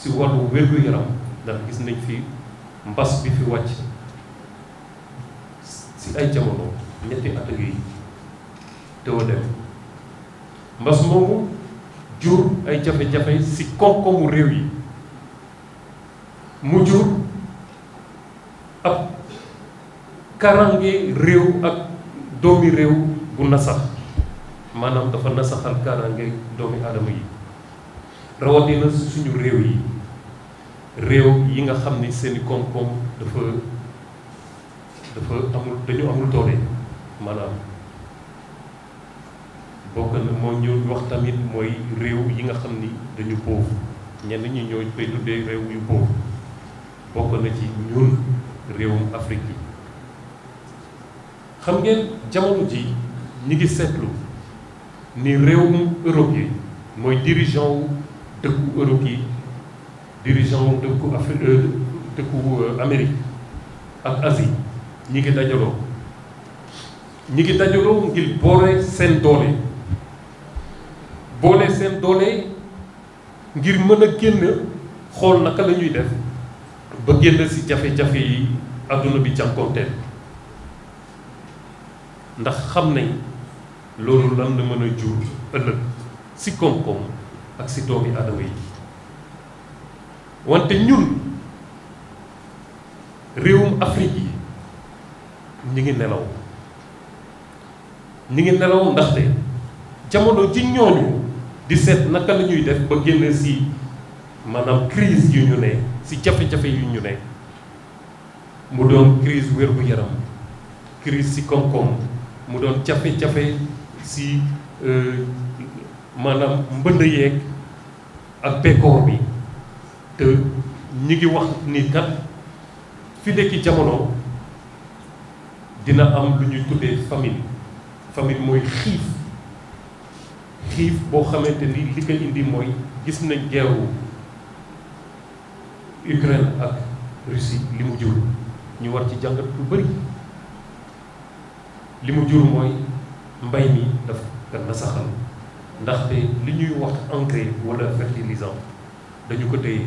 si wàllu wér-gu-yaram ndax gis nañ fi mbas bi fi wàcc si ay jamono ñetti at a ngi mbas moomu jur ay jafe-jafe si koom réew yi mu jur ak karange réew ak doomi réew bu nasax maanaam dafa nasaxal karange doomi aadama yi rawatina suñu réew yi réew yi nga xam ni seeni i koom dafa dafa amul dañu amul doole maanaam bokk na moo ñu wax tamit mooy réew yi nga xam ni dañu pauvre ñenn ñi ñoo koy tuddee réew yu pauvre bokk na ci ñun réewum Afrique yi xam ngeen jamono ji ñi ngi seetlu ni réewum Europe yi mooy dirigeant wu dëkku Europe yi dirigeant dëkku Afrique euh, dëkku euh, Amérique ak Asie ñi ngi dajaloo ñi ngi dajaloo ngir boole seen doole boole seen doole ngir mën a génn xool naka la ñuy def ba génn si jafe-jafe yi àdduna bi jànkoonteel ndax xam nañ loolu lan la mën a jur ëllëg ci koom-koom ak ci doomi aadama yi wante ñun réewum Afrique yi ñu ngi nelaw ñu ngi nelaw ndaxte jamono ji ñooñu di seet naka la ñuy def ba génn si maanaam crise yu ñu ne si jafe-jafe yu ñu ne mu doon crise wér-gu-yaram crise ci koom-koom mu doon jafe-jafe si euh, maanaam mbënd yeeg ak pékoor bi te ñi ngi wax ni kat fi nekki jamono dina am lu ñuy tuddee famine famine mooy xiif xiif boo xamante ni li ko indi mooy gis nañ guerru Ukraine ak Russie li mu jur ñu war ci jàngat lu bari li mu jur mooy mbay mi daf ko nasaxal ndaxte li ñuy wax engrais wala fertilisant dañu ko téye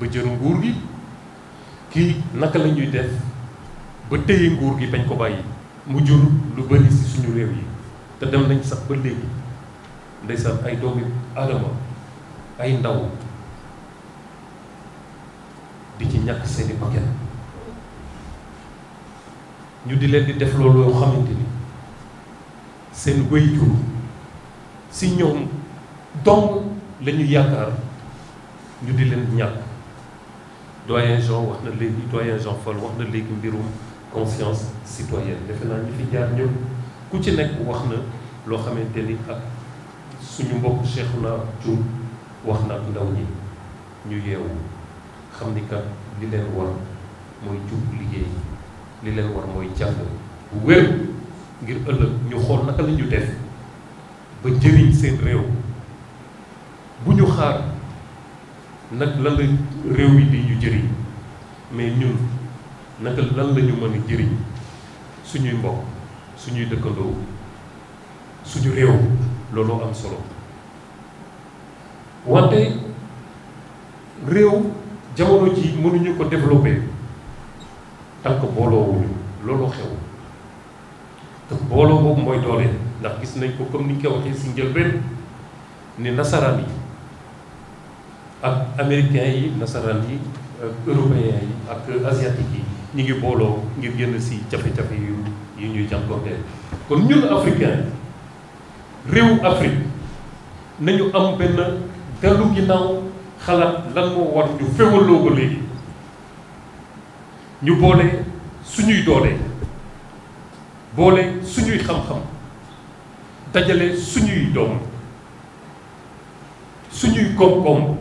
ba jël nguur gi kii naka lañuy ñuy def ba téye nguur gi bañ ko bàyyi mu jur lu bëri si suñu réew yi te dem nañ sax ba léegi ndeysaan ay doomi aadama ay ndaw di ci ñàkk seeni bakkan ñu di leen di def loolu yoo xamante ni seen waajur si ñoom dong lañuy ñu yaakaar ñu di leen ñàkk doyen Jean wax na doyen Jean Fall wax na conscience citoyenne defe naa jaar ku ci nekk wax na loo xamante ni ak suñu mbokk wax ndaw ñi ñu yeewu xam ni li leen war mooy jub liggéey li leen war mooy jàng wér ngir ëllëg ñu naka la ñu def ba seen nag lan la réew mi di ñu jëriñ mais ñun naka lan lañu ñu mën jëriñ suñuy mbokk suñuy dëkkandoo suñu réew looloo am solo wante réew jamono ji mënuñu ko développé tant que booloowuñu looloo xew te booloo boobu mooy doole ndax gis nañ ko comme ni ñu ko waxee si njëlbeen ni nasaraan yi ak américains yi nasaraan yi européens yi ak asiatiques yi ñu ngi booloo ngir génn si jafe-jafe yu yu ñuy jànkuwanteel kon ñun africain réew Afrique nañu am benn dellu ginnaaw xalaat lan moo war ñu féewaloo ko léegi ñu boole suñuy doole boole suñuy xam-xam dajale suñuy doom suñuy koom-koom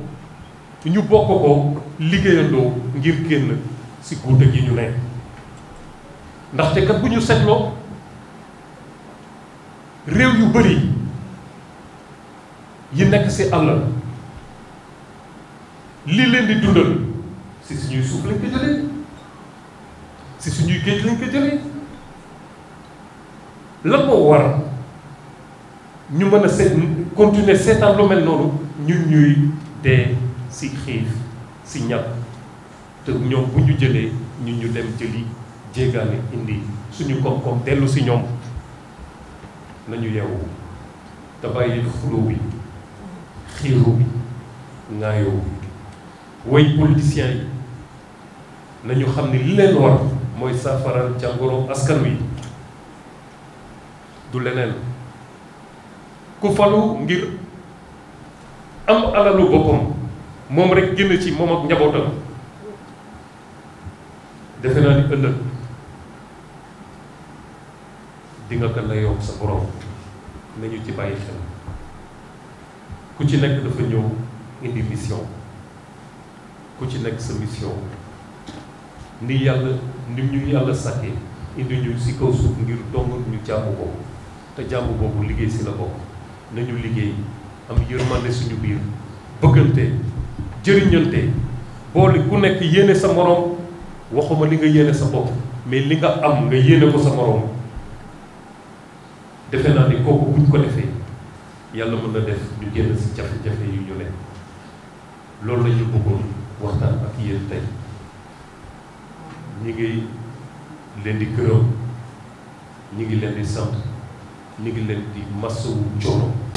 ñu bokk ko liggéeyandoo ngir génn si guute gi ñu ne ndaxte kat bu ñu seetloo réew yu bëri yi nekk si àll li leen di dundal si suñuy suuf lañ ko jëlee si suñuy géej lañ ko jëlee lan moo war ñu mën a continuer mel ñun si xiif si ñàkk te ñoom bu ñu jëlee ñun ñu dem jëli jéegaane indi suñu koom-koom dellu si ñoom nañu yeewu te bàyyi xuloo bi xiiroo bi ŋaayoo bi way politiciens yi nañu xam ne li leen war mooy saafaral jàngoro askan wi du leneen ku falu ngir am alalu boppam moom rek génn ci moom ak njabootam defe naa ni ëllëg di nga ko layoog sa borom nañu ci bàyyi xel ku ci nekk dafa ñëw indi mission ku ci nekk sa mission ni yàlla ni ñu yàlla sàkkee indi ñu si kaw suuf ngir dong ñu jàmm ko te jàmm boobu liggéey si la bokk nañu liggéey am yërmande suñu biir bëggante jëriñante boole ku nekk yéene sa moroom waxuma li nga yéene sa bopp mais li nga am nga yéene ko sa moroom defe naa ni kooku buñ ko defee yàlla mën na def ñu génn si jafe-jafe yu ñu ne loolu la ñu waxtaan ak yéen tey ñi ngi leen di gërëm ñi ngi leen di sant ñi ngi leen di masawu coono.